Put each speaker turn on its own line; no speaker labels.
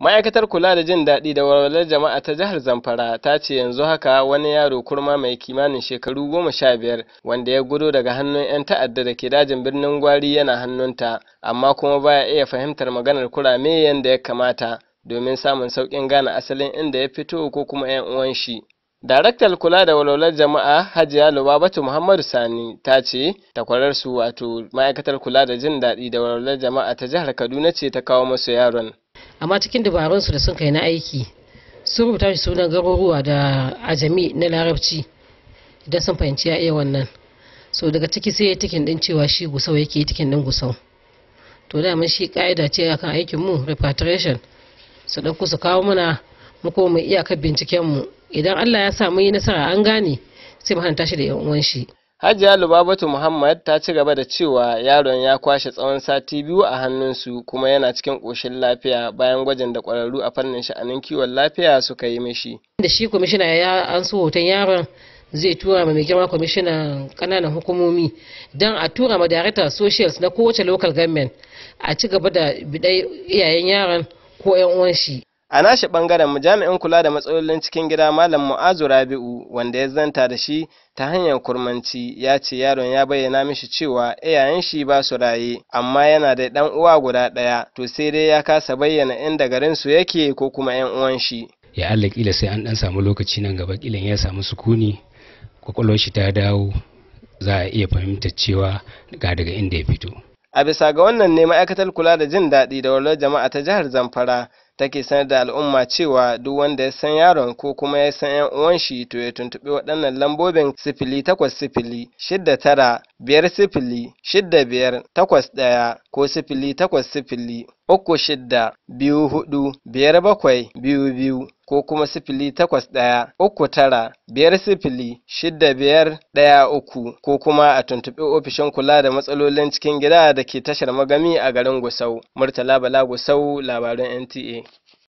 Ma'aikatar Kula da Jin Daɗi da Walwalar Jama'a ta Jihar Zamfara ta ce yanzu haka wani yaro kurma mai kimanin shekaru goma sha biyar wanda ya gudo daga hannun 'yan ta'adda da ke dajin birnin Gwari yana hannunta, amma kuma baya iya fahimtar maganar kurame yadda ya kamata domin samun sauƙin gane asalin inda ya fito ko kuma 'yan uwan shi. Daraktar kula da walwalar jama'a Hajiya Lubabatu Muhammadu Sani ta ce takwararsu wato ma'aikatar kula da jin daɗi da walwalar jama'a ta jihar Kaduna ce ta kawo masu yaron. amma
cikin dabarunsu da sun kai na aiki sun rubuta shi sunan garuruwa da ajami na larabci idan sun fahimci ya iya wannan so daga ciki sai ya tikin din cewa shi gusau yake yi tikin din gusau to da mun shi ka'ida ce akan aikin mu repatriation su ɗan su kawo mana mu koma mu iyakar binciken mu idan Allah ya sa mun yi nasara an gane sai mu hanta shi da yan uwan shi
Hajiya Lubabatu Muhammad ta ci gaba da cewa yaron ya kwashe tsawon sati biyu a hannunsu kuma yana cikin ƙoshin lafiya bayan gwajin da ƙwararru a fannin sha'anin kiwon lafiya suka yi mishi.
Da shi kwamishina ya an so hoton yaron zai tura ma mai girma kwamishinan ƙananan hukumomi don a tura ma darakta socials na kowace local government a ci gaba da bidai iyayen yaron ko 'yan uwan shi.
a nashi bangaren jami'in kula da matsalolin cikin gida malam mu'azu rabi'u wanda ya zanta da shi ta hanyar kurmanci ya ce yaron ya bayyana mishi cewa iyayen shi ba su raye amma yana da dan uwa guda daya to sai dai ya kasa bayyana inda garin su yake ko kuma yan uwan shi ya Allah kila sai an dan samu lokaci nan gaba kilan ya samu sukuni kwakwalwar shi ta dawo za a iya fahimtar cewa ga daga inda ya fito a bisa ga wannan ne ma'aikatar kula da jin daɗi da walwalar jama'a ta jihar zamfara take sanar da al'umma cewa duk wanda ya san yaron ko kuma ya san 'yan uwan shi to ya tuntuɓi waɗannan lambobin sifili takwas sifili shidda tara biyar sifili shidda biyar takwas ɗaya ko sifili takwas sifili uku shidda biyu hudu biyar bakwai biyu biyu ko kuma sifili takwas ɗaya uku tara biyar sifili shidda biyar ɗaya uku ko kuma a tuntuɓi ofishin kula da matsalolin cikin gida da ke tashar magami a garin Gusau. Murtala Bala Gusau labarin NTA.